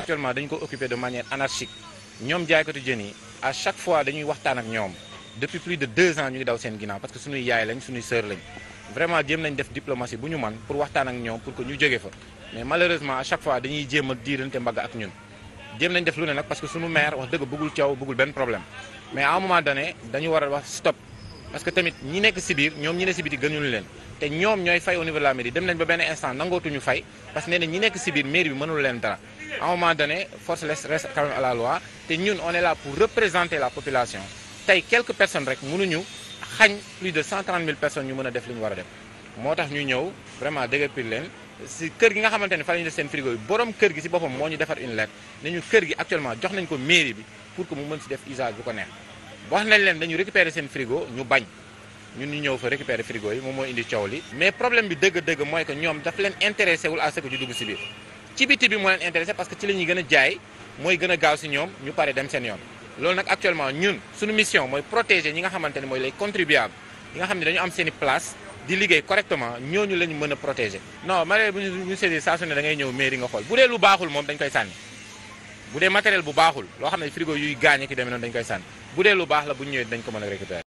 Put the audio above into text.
actuellement dañu ko occuper de manière anarchique ñoom jaaykatu jën yi à chaque fois dañuy waxtaan ak ñoom depuis plus de ans ñu ngi daw seen ginnaaw parce que yaay lañ suñuy sœur lañ vraiment jéem nañ def diplomatie bu ñu man pour waxtaan ak ñoom pour que ñu jóge fa mais malheureusement à chaque fois dañuy jéem a diirante mbagg ak ñun jéem nañ def lu ne nag parce que suñu wax dëgg bëggul coow bëggul benn problème mais à un dañu war a parce que tamit ñi nekk si biir ñoom ñi ne si biti gënuñu leen te ñoom ñooy fay au niveau de la mairie dem nañ ba benn instant nangootuñu fay parce que nee ñi nekk si biir bi mënul leen dara à un moment donné force reste quand à la loi te ñun on est là pour représenter la population tey quelques personnes rek mënuñu xañ plus de 130 000 personnes ñu mën a def li ñu war a def moo tax ñu ñëw vraiment dëgërpir leen si kër gi nga xamante ne fa la def seen frigo yi borom kër gi moo ñu defar une lettre ne ñu kër nañ ko mairie bi pour que mu mën si def wax nañ leen dañu récupérer seen frigo ñu bañ ñun ñu ñëw fa récupérer frigo yi moom mooy indi coow li mais problème bi dëgg-dëgg mooy que ñoom daf leen intéressé wul à ce que ñu dugg si biir ci biti bi moo leen intéressé parce que ci la gën a jaay mooy gën a gaaw si ñoom ñu pare dem seen yoon loolu nag actuellement ñun suñu mission mooy protéger ñi nga xamante ne mooy les contribuables ñi nga xam ne dañu am seen place di liggéey correctement ñooñu a protéger non malgré bu ñu saisir saa su ne da ngay ñëw mairie nga xool bu moom dañ koy sànni bu dee matériel bu baaxul loo xam ne frigo yuy gaañe ki demee noonu dañ koy sànni bu dee lu baax la bu ñu ñëwee dañ ko mën a récupérer